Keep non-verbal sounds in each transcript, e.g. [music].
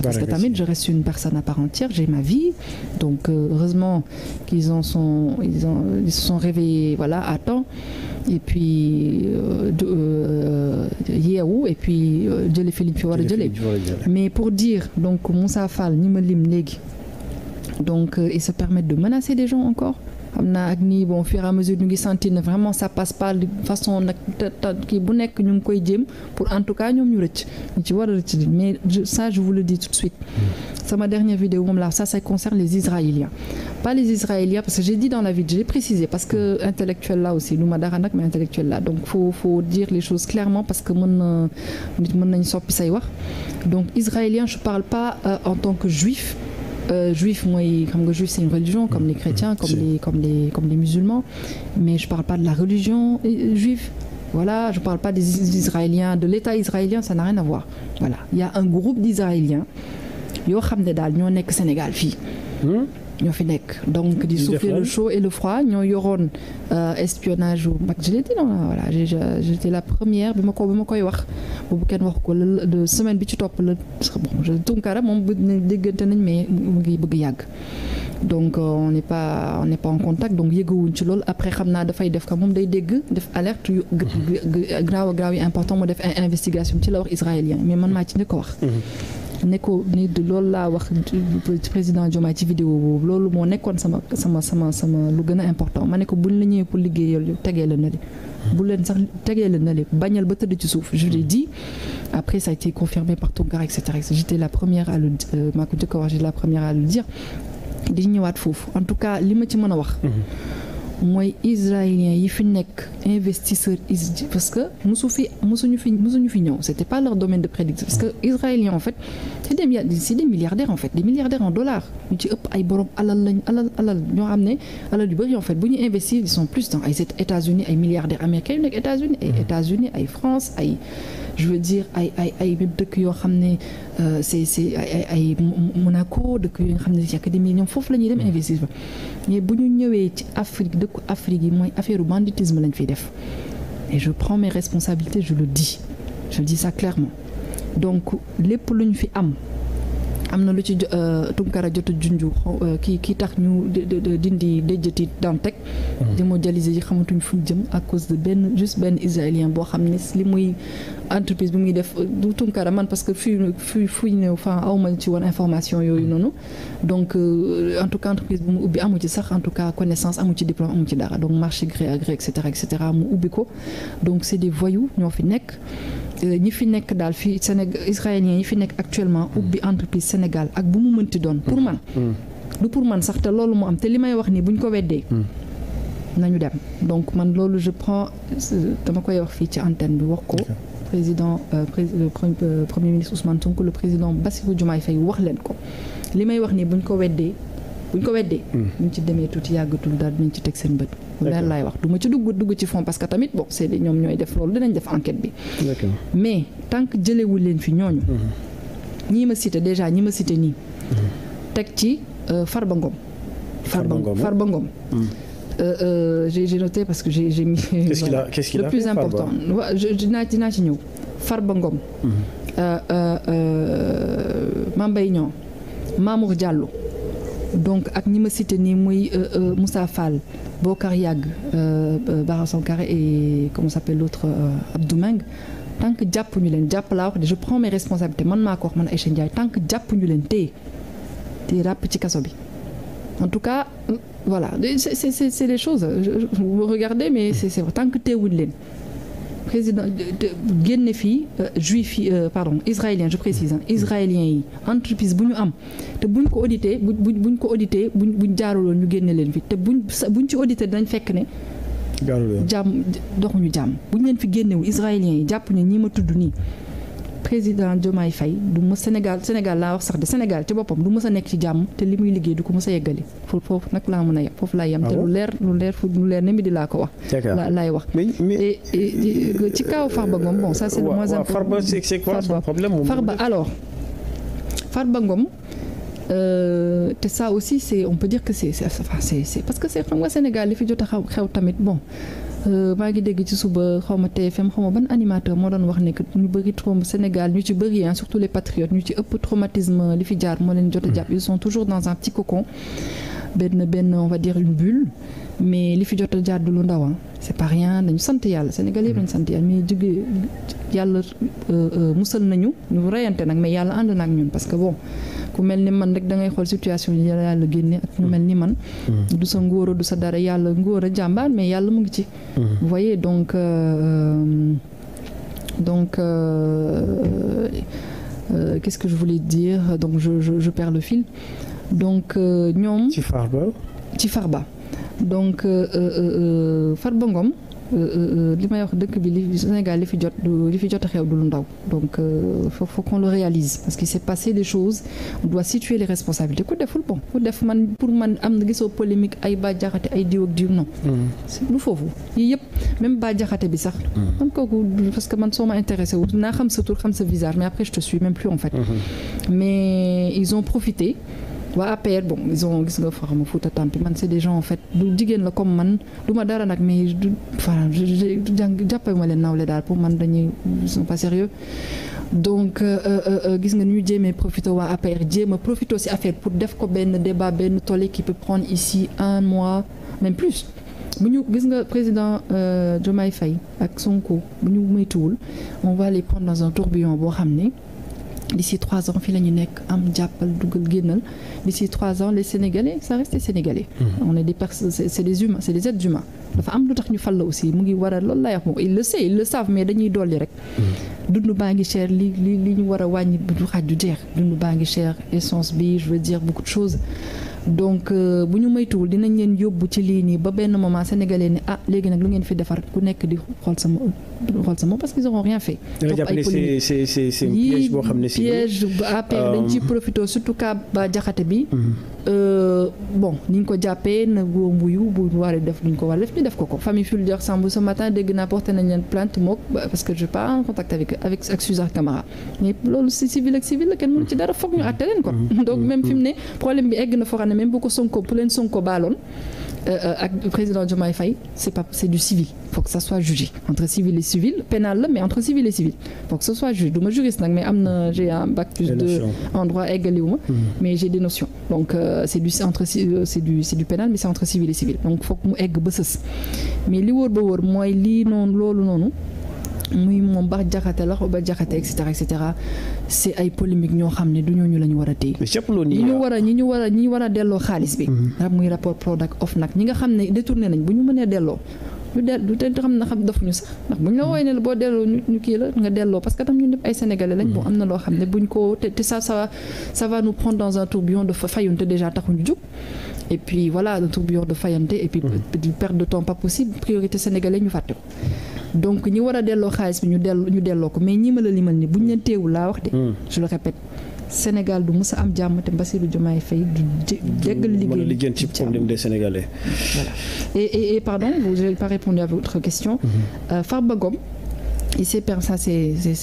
match. Parce que tamit, je reste une personne à part entière, j'ai ma vie. Donc, euh, heureusement qu'ils en sont, ils, ont, ils se sont réveillés voilà, à temps. Et puis, euh, euh, Yéou, et puis, Djele Philippe Mais pour dire, donc, Moussa Fall, Nimelim Leg, donc, ils se permettent de menacer des gens encore. am naa ak nii bon fur et à mesure ñu ngi sentir ne vraiment ça passe pas de façon nag kii bu nekk ñu ngi koy jéem pour en tout cas ñoom ñu rëcc ñu ci war a rëcc mais ça je vous le dis tout de suite mm. sama dernière vidéo moom la ça ça concerne les Israéliens pas les Israéliens parce que j'ai dit dans la vidéo j'ai précisé parce que mm. intellectuel là aussi lu ma dara nag mais intellectuel là donc faut faut dire les choses clairement parce que mën na nit mën nañ soppi say wax donc Israélien je parle pas euh, en Euh, juif mooy xam nga juif c'est une religion comme les mm. chrétiens comme les comme les comme les musulmans mais je parle pas de la religion euh, juive voilà je parle pas des israéliens de l'état israélien ça n'a rien à voir voilà il y a un groupe d'israéliens yoo xam ne daal ñoo nekk Sénégal fii hmm? ñoo fi nekk donc di souffler le chaud et le froid ñoo yoroon euh, espionnage wu mag je l'ai dit non voilà la première bi ma ko bi ma koy wax boobu kenn wax ko la semaine bi ci topp la bon Tunkara moom déggante nañ mais mu ngi bëgg yàgg donc euh, on n'est pas on n'est pas en contact donc yëgawuñ ci loolu après xam naa dafay def ko moom day dégg def alerte yu graaw a graaw yi important moo def investigation ci la wax israélien mais man maa ci njëkk ko wax mmh. ne ko loolu laa wax président Diomaye ci vidéo loolu moo nekkoon sama sama sama sama lu gën a important ma ne ko buñ la ñëwee pour liggéey yow tegee la na le bu leen sax tegee la na le bañal ba tëdd ci suuf je l'ai dit après ça a été confirmé par Tounkara et cetera j'étais la première à le euh, maa ko njëkk a wax j'étais la première à le dire di ñëwaat foofu en tout cas li ma ci mën a wax mmh. mooy israélien yi fi nekk investisseur is parce que mosu fi mosuñu fi mosuñu fi ñëw c'était pas leur domaine de prédiction parce que israélien en fait c'est des c'est des milliardaires en fait des milliardaires en dollars ñu ci ëpp ay borom alal lañ alal alal ñoo xam ne alal yu bëri en fait bu ñu investir ils sont plus dans ay États-Unis ay milliardaires américains yu nekk États-Unis ay mm-hmm. unis ay France ay je veux dire ay ay ay même dëkk yoo xam ne euh, c'est c'est ay ay Monaco dëkk yoo xam ne y a que des foofu la ñuy dem mm-hmm. investir mais bu ñu ñëwee ci Afrique dëkku Afrique yi mooy affaire banditisme lañ fiy def et je prends mes responsabilités je le dis je dis ça clairement donc lépp lu ñu fi am. am na lu ci euh, Tunkara jot a junj euh, kii kii tax ñu dindi déjjati Dantec. Mm-hmm. di mo jalise yi xamatuñ fu ñu jëm à cause de benn juste benn israélien boo xam ne li muy entreprise bi muy def euh, du Tunkara man parce que fii fii fuy ne fa aw ma ci woon information yooyu mm-hmm. noonu donc en tout cas entreprise bu mu ubbi amu ci sax en tout cas connaissance amu ci diplôme amu ci dara donc marché gré à gré et cetera et mu ubbi ko donc c'est des voyous ñoo fi nekk. ñi fi nekk daal fii Sénégal israélien yi fi nekk actuellement ubbi entreprise Sénégal ak bu mu mënti doon pour man du pour man sax te loolu mu am te li may wax nii buñ ko weddee nañu dem donc man loolu je prends dama koy wax fii ci antenne bi wax ko président euh, euh, premier ministre Ousmane Sonko le président Bassirou Diomaye Faye wax leen ko li may wax nii buñ ko weddee bu ñu ko weddee. Hmm. bu ci demee tuuti yàggatul daal dinañ ci teg seen bët. leer laay wax du ma ci dugg dugg ci fond parce que tamit bon c'est ñoom ñooy def loolu dinañ def enquête bi. mais tant que jëlewul leen fi ñooñu. Hmm. ñii ma cité déjà ñi ma cité nii. Hmm. teg ci euh, Farba Ngom. Farba Ngom Farba Ngom. Euh, euh, j'ai noté parce que j'ai j'ai mis. qu'est-ce qu'il a [laughs] qu'est-ce dinaa dinaa ci ñëw Farba Ngom. Mame Mbaye Niang donc ak ñi ma cité nii muy euh, euh, Moussa Fall Bokar Yàgg euh, Bara Sankaré et comment s'appelle l'autre Abdou Mang tant que jàpp ñu leen jàpp laa wax de je prends mes responsabilités man maa ko wax man Aïcha Ndiaye tant que jàpp ñu leen téye téye ràpp ci kaso bi en tout cas voilà c'est c'est c'est des choses vous me regardez mais c'est tant que téewuñ leen président génne fii euh, juif yi euh, pardon israélien je précise israélien yi entreprise bu ñu am te buñ ko audité buñ buñ ko audité buñ buñ jaaruloon ñu génne leen fi te buñ buñ ci audité dañ fekk ne jàmm doxuñu jàmm buñ leen fi génnewul israélien yi jàpp ne ñii ma tudd nii président Diomaye Faye du ma Sénégal Sénégal laa wax sax de Sénégal ci boppam du mës a nekk ci jàmm te li muy liggéey du ko mës a yeggali foofu nag laa mën a yem foofu laa yem ah te lu leer lu leer fu lu di laa ko wax la laay wax et ci kaw Farba Ngom bon ça c'est le moins important Farba alors Farba Ngom Euh, te parce que c'est xam nga Sénégal li fi jot a xew tamit bon Euh, maa ngi dégg ci suba xaw ma TFM xaw ma ban animateur moo doon wax ne ñu bëri trauma Sénégal ñu ci bëri hein surtout les patriotes ñu ci ëpp traumatisme li fi jaar moo leen jot a jàpp mm. ils sont toujours dans un petit cocon benn benn on va dire une bulle mais li fi jota a jaar du lu ndaw c'est pas rien dañu sant yàlla Sénégal yëpp dañu mm. sant yàlla mais jóge yàlla euh, euh, musal nañu ñu reyante nag mais yàlla ànd na ak ñun parce que bon. ku mel ni man rek da ngay xool situation yi yàlla yàlla génne mel ni man mm-hmm. du sa ngóora du sa dara yàlla ngóora jàmbaar mais yàlla mu ngi ci mm-hmm. vous donc euh, euh, donc euh, euh, qu'est-ce que je voulais dire donc je, je, le fil donc euh, ñoom ci Farba ci Farba donc euh, Farba Ngom Euh, euh, li may wax dëkk bi li Sénégal li fi jot li fi jot a xew du lu ndaw donc euh, faut faut qu'on le réalise parce qu'il s'est passé des choses on doit situer les responsabilités ku deful bon ku def man pour man am na gisoo polémique ay ba jaxate ay diw ak diw non lu mm-hmm. foofu yii yëpp même ba jaxate bi sax mm-hmm. man kooku parce que man soo ma intéressé wut naa xam sa tur xam sa visage mais après je te suis mm-hmm. mais ils ont profité waa APR bon ils ont gis nga fa ma Fouta Tampi man c'est des gens en fait du jigéen la comme man du ma dara nag mais du enfin jàng jàppee ma leen nawle daal pour man dañuy ils sont pas sérieux donc euh, euh, euh, gis nga ñu jéemee profité waa APR jéem a profité ci affaire pour def ko benn débat benn tollé qui peut prendre ici un mois même plus. bu ñu gis nga président Diomaye fay ak Sonko bu ñu moytuwul on va les prendre dans un tourbillon boo xam ne. d'ici trois ans fii la ñu nekk am jàppal dugal génnal d'ici trois ans les sénégalais ça reste des mhm. on est des personnes c'est des humains c'est des êtres humains. dafa am lu tax ñu fal la aussi mu ngi war a loolu lay wax moom il le sait mais dañuy dolli rek. Mhm. dund baa ngi cher li li li ñu war a wàññi bu du xaaj du jeex dund baa ngi cher essence bi jeex veux dire beaucoup de choses. donc euh, bu ñu moytuwul dinañ leen yóbbu ci lii nii ba benn moment sénégalais ni ah léegi nag lu ngeen fi defar ku nekk di xool sama xool sama parce qu'ils n'ont rien fait. topp ay polémique yii piège bu APR dañ ciy euh, profité surtout cas ba jaxate bi. Mhm. Euh, bon ni ñu ko jàppee na góom bu yu bu waree def nuñ ko war def ñu def ko ko famille Fulbert Sambou ce matin dégg naa porté nañ leen plainte mook parce que je pas en contact avec avec ak Suzanne Camara mais loolu si civil ak civil la kenn mënu ci dara foog ñu àtte leen ne même bu ko Sonko bu leen Sonko baaloon euh, euh, ak président Diomaye Faye c'est pas c'est du civil faut que ça soit jugé entre civil et civil pénal la mais entre civil et civil faut que ça soit jugé du ma juriste nag mais am na j'ai un bac plus deux en mhm. mais j'ai des notions donc euh, c'est du entre c'est du c'est du pénal mais c'est entre civil et civil donc faut que mu egg ba sës mais li wóor ba wóor mooy lii noonu loolu noonu muy moom ba jaxate la Bah Diakhaté et cetera et cetera c'est ay polémique ñoo xam ne du ñooñu la ñu war a téye. ñi ñu war a ñi ñu war a war a delloo xaalis bi. Mm-hmm. muy rapport Prodac Ofnac ñi nga xam ne détourné nañ bu ñu mënee delloo. ñu del te xam na xam dofuñu sax ndax buñ la wooy ne boo delloo ñu kii la nga delloo parce que tam ñun ñëpp ay sénégalais lañ bon mm-hmm. am na loo xam ne buñ ko te te ça ça ça va nous prendre dans un tourbillon de fayante déjà taxuñu jóg et puis voilà un tourbillon de fayante et puis mm-hmm. perte de temps ñu fàtte donc ñi war a delloo xaalis bi ñu ñu delloo ko mais ñi ma la limal ni buñ leen teewul laa wax de. Hmm. je le répète Sénégal du mës a am jàmm te Bassirou Diomaye fay du jé jéggal liggéey. du mën ci problème des Sénégalais. voilà et et et pardon vous n'avez pas répondu à votre question. Hmm. Euh, Farba Ngom. il s'est per ça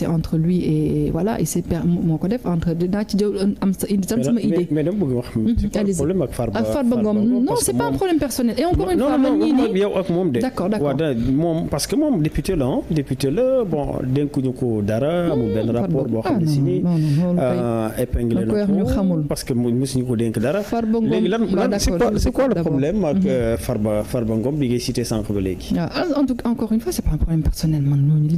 entre lui et voilà il s'est moo ko def entre dinaa ci jël euh, am sa indi tam sama idée. mais dama bëgg wax. Mhm, c'est problème d'accord d'accord moom parce que moom député la ah député la bon dénkuñu ko dara. Ah, amul benn rapport boo xam ne ah, si nii. Euh, épinglé na ko xamul parce que mosuñu ko dénk dara. Farba Ngom léegi lan lan c'est quoi le problème ak mhm. euh, Farba Farba Ngom bi ngay cité ba léegi. Ah, en tout cas encore une fois c'est pas un problème personnel man ñooñu.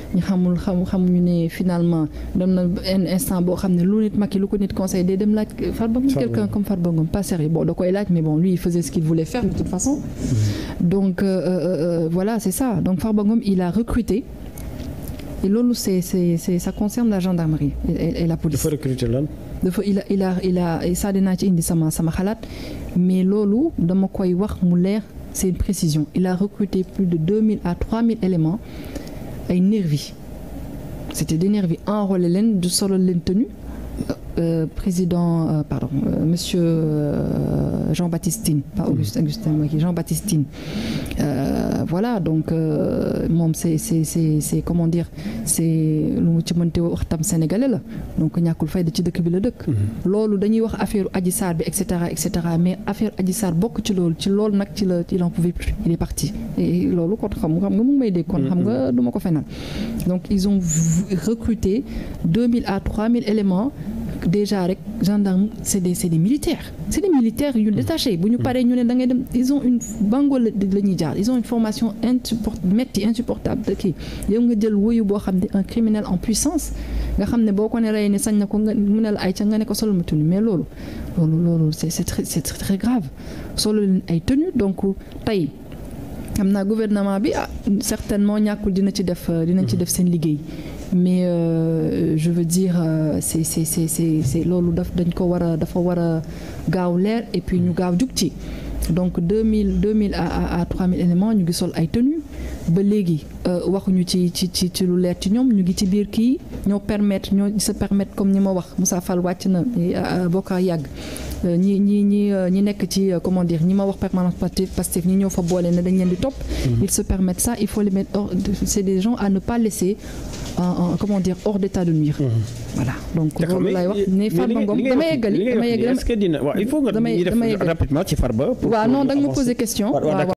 ñu xamul xam xamuñu ne finalement dem na un instant boo xam ne lu nit Macky lu ko nit conseil day dem laaj Farba Ngom quelqu'un comme Farba Ngom pas sérieux bon da koy laaj mais bon lui il faisait ce qu'il voulait faire de toute façon mm-hmm. donc euh, euh, euh, euh, voilà c'est ça donc Farba Ngom il a recruté et loolu c'est c'est c'est ça concerne la gendarmerie et, et la police. dafa recruter lan. dafa il a il a il a saa dinaa ci indi sama sama xalaat mais loolu dama koy wax mu leer c'est une précision il a recruté plus de 2000 à 3000 éléments. ay nervi c'était des nervi enrôlé leen du solo leen tenue Euh, président, euh, pardon, euh, monsieur euh, Jean-Baptistine, pas Auguste, mm. Augustin, oui, Jean-Baptistine. Euh, voilà, donc, moom c'est c'est comment dire, c'est lu mu ci mënte wax tam sénégalais la donc ñàkkul fayda ci dëkk bi la dëkk. Mm-hmm. loolu dañuy wax affaire Adji Sarr bi et cetera et cetera mais affaire Adji Sarr bokk ci loolu ci loolu nag ci la il en pouvait plus il est parti loolu kon xam nga mu ngi may dégg. kon xam nga mm-hmm. du ma ko fenal donc ils ont recruté 2000 à 3000 éléments. déjà rek gendarme c' est des c' est des militaires c' est yu détaché bu ñu paree ñu ne dangay dem ils ont une bango la ñuy jaar ils ont une formation insupporte metti insupportable de kii yow nga jël wuyu boo xam ne un criminel en puissance nga xam ne boo ko ne rey ne sañ na ko nga mu ne la ay ca nga ne ko solo ma tenue mais loolu loolu loolu c' est c' très grave solo leen ay tenue donc tey am naa gouvernement bi ah certainement ñàkkul dina ci def dinañ ci mm-hmm. def seen liggéey mais euh, je veux dire euh, c'est c'est c'est c'est loolu daf dañ ko war a dafa war a gaaw leer et puis ñu gaaw jug ci donc deux mille deux mille à à trois mille éléments ñu ngi sol ay tenues ba léegi euh, waxuñu ci ci ci ci lu leer ci ñoom ñu ngi ci biir kii ñoo permettre ñoo se permettre comme ni ma wax Moussa Fall wàcc na bokk yàgg. ñi ñi ñi ñi nekk ci comment dire ñi ma wax permanence Pastef ñi ñoo fa boole ne dañ leen di topp. Mm-hmm. ils se permettre ça il faut les mettre hors c'est des gens à ne pas laisser en comment dire hors d'état de nuire. Mhm. voilà donc loolu laay wax ne Farba Ngom dama yeggali dama yeggali. est-ce que dina waaw il faut nga ñu def rapidement ci Farba. waaw non da nga